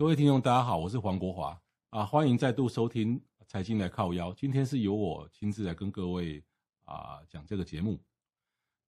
各位聽眾，大家好，我是黃國華啊，歡迎再度收聽《財經來靠腰》，今天是由我親自來跟各位啊講這個節目。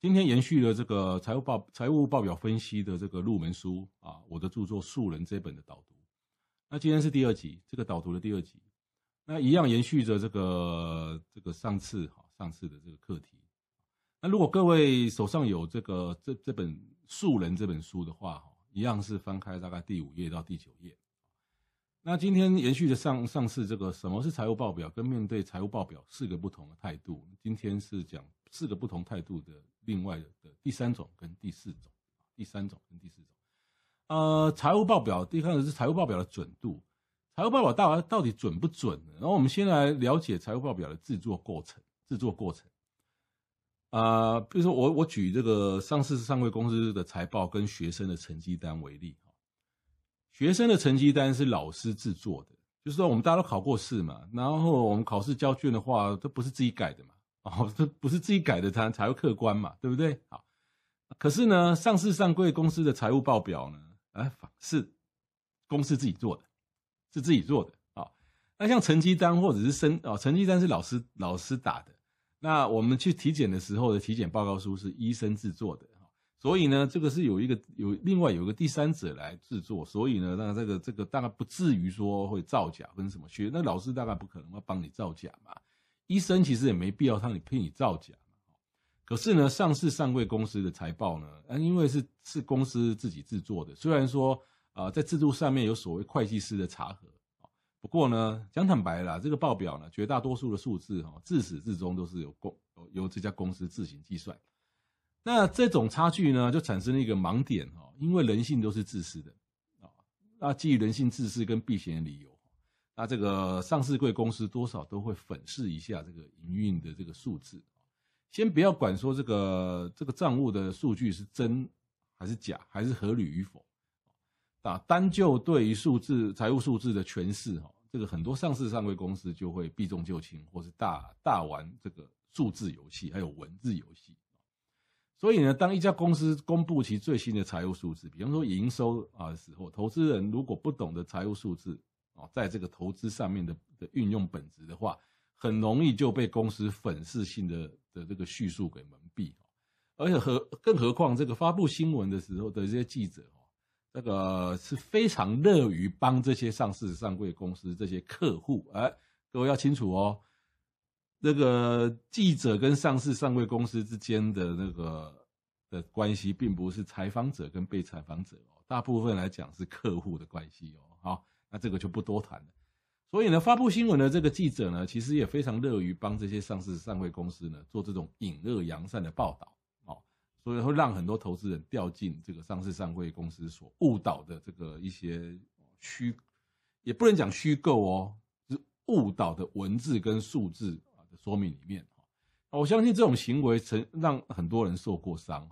今天延續了這個財務報財務報表分析的這個入門書啊，我的著作《素人》這本的導讀。那今天是第二集，這個導讀的第二集，那一樣延續着這個這個上次哈上次的這個課題。那如果各位手上有這個這這本《素人》這本書的話哈。一樣是翻開大概第五頁到第九頁。那今天延續的上上次這個什麼是財務報表，跟面對財務報表四個不同的態度。今天是講四個不同態度的另外的第三種跟第四種。第三種跟第四種，呃，財務報表第一看的是財務報表的準度，財務報表到到底準不準？然後我們先來了解財務報表的製作過程，製作過程。啊、呃，比如說我我舉這個上市上櫃公司的財報跟學生的成績單為例，哦、學生的成績單是老師製作的，就是說我們大家都考過試嘛，然後我們考試交卷的話都的，哦，都不是自己改的嘛，哦，都不是自己改的，它才會客觀嘛，對不對？好，可是呢，上市上櫃公司的財務報表呢，哎，是公司自己做的，是自己做的，啊。那像成績單或者是生啊，哦，成績單是老師老師打的。那我們去體檢的時候的體檢報告書是醫生製作的，所以呢，這個是有一個有另外有一個第三者來製作，所以呢，那這個這個大概不至於說會造假跟什麼學，那老師大概不可能會幫你造假嘛，醫生其實也沒必要讓你騙你造假嘛。可是呢，上市上櫃公司的財報呢，呃，因為是是公司自己製作的，雖然說啊、呃，在制度上面有所謂會計師的查核。不過呢，講坦白啦，這個報表呢，絕大多數的數字哈，自始至終都是由公由這家公司自行計算。那這種差距呢，就產生了一個盲點哈，因為人性都是自私的啊。那基於人性自私跟避嫌的理由，那這個上市櫃公司多少都會粉飾一下這個營運的這個數字。先不要管說這個這個賬務的數據是真還是假，還是合理與否。啊，單就對於數字財務數字的詮釋哈。這個很多上市上櫃公司就會避重就輕，或是大大玩這個數字遊戲，還有文字遊戲。所以呢，當一家公司公布其最新的財務數字，比方說營收啊的時候，投資人如果不懂得財務數字啊在這個投資上面的的運用本質的話，很容易就被公司粉飾性的的這個敘述給矇蔽。而且何更何況這個發布新聞的時候的這些記者。那個是非常樂於幫這些上市上櫃公司這些客戶，哎，各位要清楚哦，那個記者跟上市上櫃公司之間的那個的關係，並不是採訪者跟被採訪者哦，大部分來講是客戶的關係哦，好，哦，那這個就不多談了。所以呢，發布新聞的這個記者呢，其實也非常樂於幫這些上市上櫃公司呢做這種隱惡揚善的報道。所以會讓很多投資人掉進這個上市上櫃公司所誤導的這個一些虛，也不能講虛構哦，是誤導的文字跟數字的說明裡面。我相信這種行為曾讓很多人受過傷，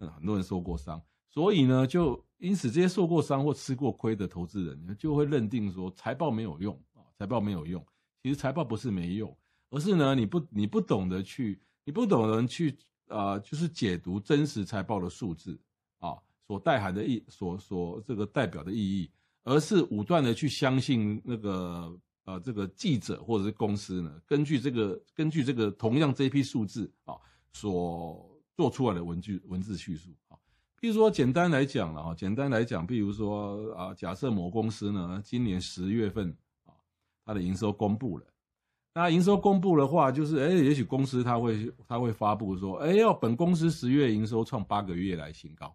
很多人受過傷。所以呢，就因此這些受過傷或吃過虧的投資人，就會認定說財報沒有用，財報沒有用。其實財報不是沒用，而是呢，你不你不懂得去，你不懂得去。呃，就是解讀真實財報的數字啊，所帶含的意，所所這個代表的意義，而是武斷的去相信那個呃，這個記者或者是公司呢，根據這個根據這個同樣這一批數字啊，所做出來的文句文字敘述啊，譬如說簡單來講了啊，簡單來講，譬如說啊，假設某公司呢，今年十月份啊，它的營收公布了。那營收公布的話，就是哎，也許公司它會它會發布說，哎，要本公司十月營收創八個月來新高誒。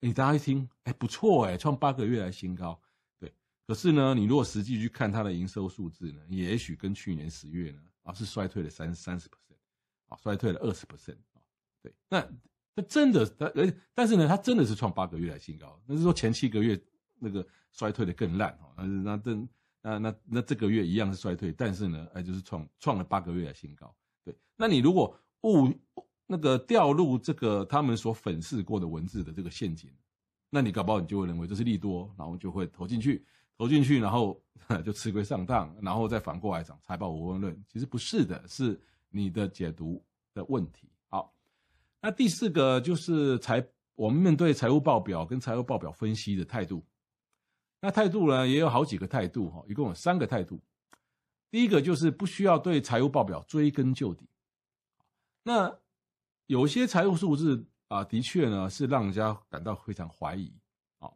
你大家一聽，哎，不錯，哎，創八個月來新高，對。可是呢，你如果實際去看它的營收數字呢，也許跟去年十月呢，啊，是衰退了三三十%啊，衰退了二十%啊，對。那它真的，它但是呢，它真的是創八個月來新高，那是說前七個月那個衰退的更爛，啊，那真。那那那這個月一樣是衰退，但是呢，哎，就是創創了八個月的新高。對，那你如果誤那個掉入這個他們所粉飾過的文字的這個陷阱，那你搞不好你就會認為這是利多，然後就會投進去，投進去，然後就吃虧上當，然後再反過來講財報無用論，其實不是的，是你的解讀的問題。好，那第四個就是財我們面對財務報表跟財務報表分析的態度。那態度呢，也有好幾個態度哈，一共有三個態度。第一個就是不需要對財務報表追根究底。那有些財務數字啊，的確呢是讓人家感到非常懷疑啊。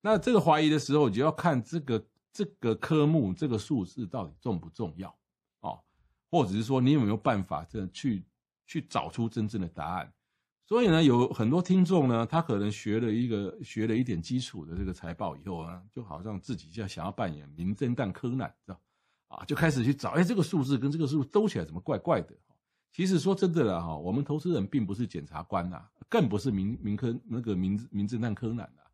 那這個懷疑的時候，你就要看這個這個科目這個數字到底重不重要啊，或者是說你有沒有辦法這去去找出真正的答案。所以呢，有很多聽眾呢，他可能學了一個學了一點基礎的這個財報以後呢，就好像自己就想要扮演名偵探柯南，這啊，就開始去找。哎，這個數字跟這個數字兜起來怎麼怪怪的？其實說真的啦，哈，我們投資人並不是檢察官吶，更不是名名偵那個名名偵探柯南吶。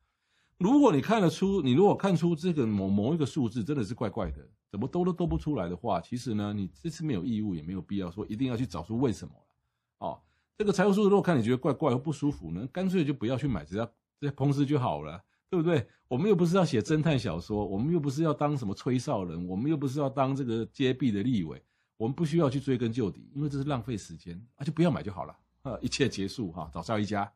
如果你看得出，你如果看出這個某某一個數字真的是怪怪的，怎麼兜都兜不出來的話，其實呢，你這次沒有義務，也沒有必要說一定要去找出為什麼啊。這個財務數字，如果看你覺得怪怪或不舒服呢，乾脆就不要去買，只要這些公司就好了，對不對？我們又不是要寫偵探小說，我們又不是要當什麼吹哨人，我們又不是要當這個揭弊的立委，我們不需要去追根究底，因為這是浪費時間，那、啊、就不要買就好了，啊，一切結束啊，找下一家。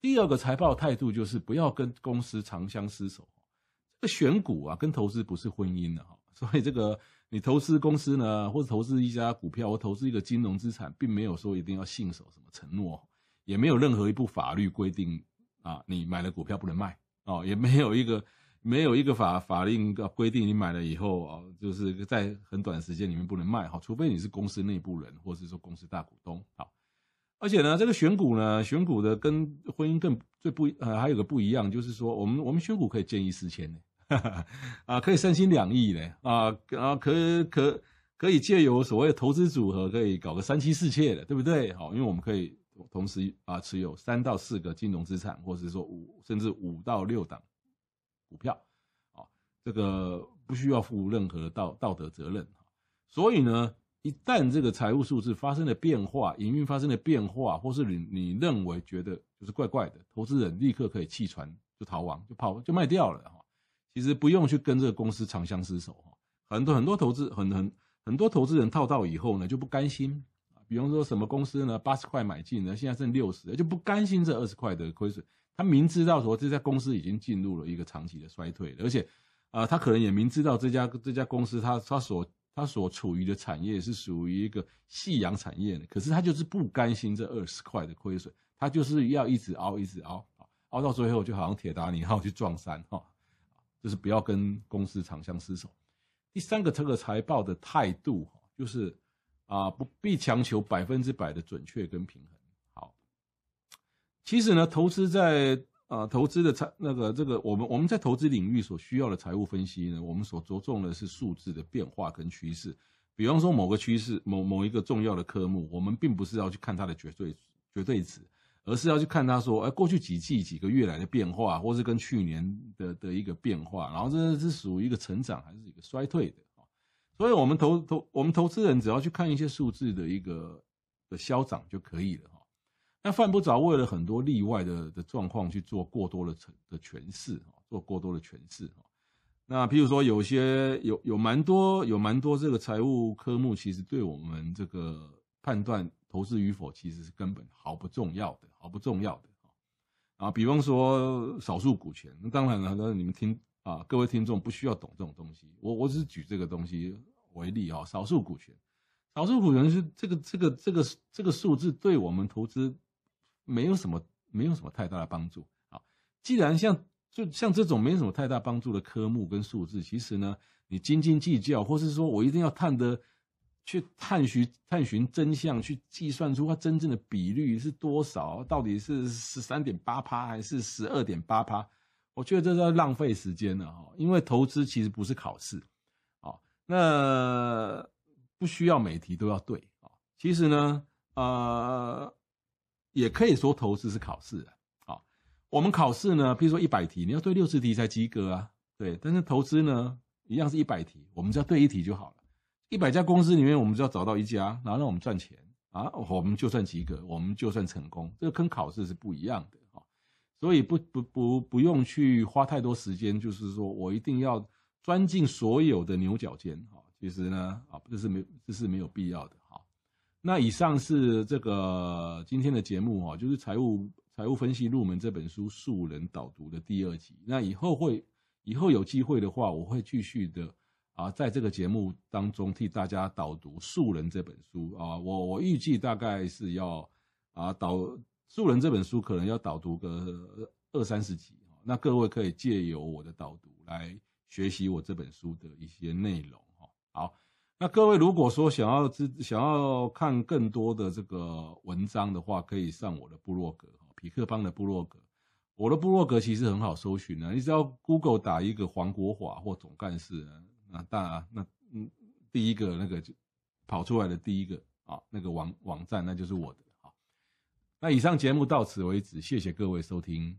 第二個財報的態度就是不要跟公司長相厮守，這個選股啊跟投資不是婚姻的、啊、哈，所以這個。你投資公司呢，或者投資一家股票，或投資一個金融資產，並沒有說一定要信守什麼承諾，也沒有任何一部法律規定啊，你買了股票不能賣哦，也沒有一個沒有一個法法令規定你買了以後啊、哦，就是在很短時間裡面不能賣哈、哦，除非你是公司內部人，或者是說公司大股東啊、哦。而且呢，這個選股呢，選股的跟婚姻更最不、啊、還有個不一樣，就是說我們我們選股可以見異思遷。 啊，可以三心兩意的啊啊，可可可以借由所謂的投資組合，可以搞個三妻四妾的，對不對？哦，因為我們可以同時啊持有三到四個金融資產，或者是說五甚至五到六檔股票啊，這個不需要負任何道道德責任，啊。所以呢，一旦這個財務數字發生了變化，營運發生了變化，或是你你認為覺得就是怪怪的，投資人立刻可以棄船就逃亡，就跑就賣掉了。啊其實不用去跟這個公司長相廝守，很多很多投資，很很很多投資人套到以後呢，就不甘心。比方說什麼公司呢，八十塊買進呢，現在剩六十，就不甘心這二十塊的虧損。他明知道說這家公司已經進入了一個長期的衰退，而且，呃，他可能也明知道這家這家公司他他所他所處於的產業是屬於一個夕陽產業的，可是他就是不甘心這二十塊的虧損，他就是要一直熬一直熬，熬到最後就好像鐵達尼號去撞山哈。就是不要跟公司長相廝守。第三個，這個財報的態度，就是啊，不必強求百分之百的準確跟平衡。好，其實呢，投資在啊，投資的財那個這個，我們我們在投資領域所需要的財務分析呢，我們所着重的是數字的變化跟趨勢。比方說某個趨勢，某某一個重要的科目，我們並不是要去看它的絕對絕對值。而是要去看他說，哎，過去幾季、幾個月來的變化，或是跟去年的的一個變化，然後這是屬於一個成長還是一個衰退的？所以我們投投我們投資人只要去看一些數字的一個的消長就可以了。那犯不着為了很多例外的的狀況去做過多的的詮釋，做過多的詮釋。那譬如說有些有有蠻多有蠻多這個財務科目，其實對我們這個。判斷投資與否其實是根本毫不重要的，毫不重要的啊！比方說少數股權，那當然了，你們聽啊，各位聽眾不需要懂這種東西，我我只是舉這個東西為例啊、喔。少數股權，少數股權是這個這個這個這個數字對我們投資沒有什麼沒有什麼太大的幫助啊。既然像就像這種沒什麼太大幫助的科目跟數字，其實呢，你斤斤計較，或是說我一定要探得。去探尋探尋真相，去計算出它真正的比率是多少？到底是十三點八趴還是十二點八趴？我覺得這是浪費時間了啊！因為投資其實不是考試，啊，那不需要每題都要對啊。其實呢，呃，也可以說投資是考試啊。我們考試呢，比如說一百題，你要對六十題才及格啊，對。但是投資呢，一樣是一百題，我們只要對一題就好了。一百家公司裡面，我們只要找到一家，然後讓我們賺錢啊，我們就算及格，我們就算成功。這個跟考試是不一樣的哈，所以不不不不用去花太多時間，就是說我一定要鑽進所有的牛角尖哈。其實呢，啊，這是沒有這是沒有必要的哈。那以上是這個今天的節目哈，就是《財務財務分析入門》這本書素人導讀的第二集。那以後會以後有機會的話，我會繼續的。啊，在這個節目當中替大家導讀《素人》這本書啊，我我預計大概是要啊導《素人》這本書可能要導讀個二三十集，那各位可以借由我的導讀來學習我這本書的一些內容好，那各位如果說想要知，想要看更多的這個文章的話，可以上我的部落格哈，痞客邦的部落格，我的部落格其實很好搜尋的，啊，你只要 Google 打一個黃國華或總幹事。啊，當然，那嗯，第一個那個就跑出來的第一個啊，那個網網站，那就是我的啊。那以上節目到此為止，謝謝各位收聽。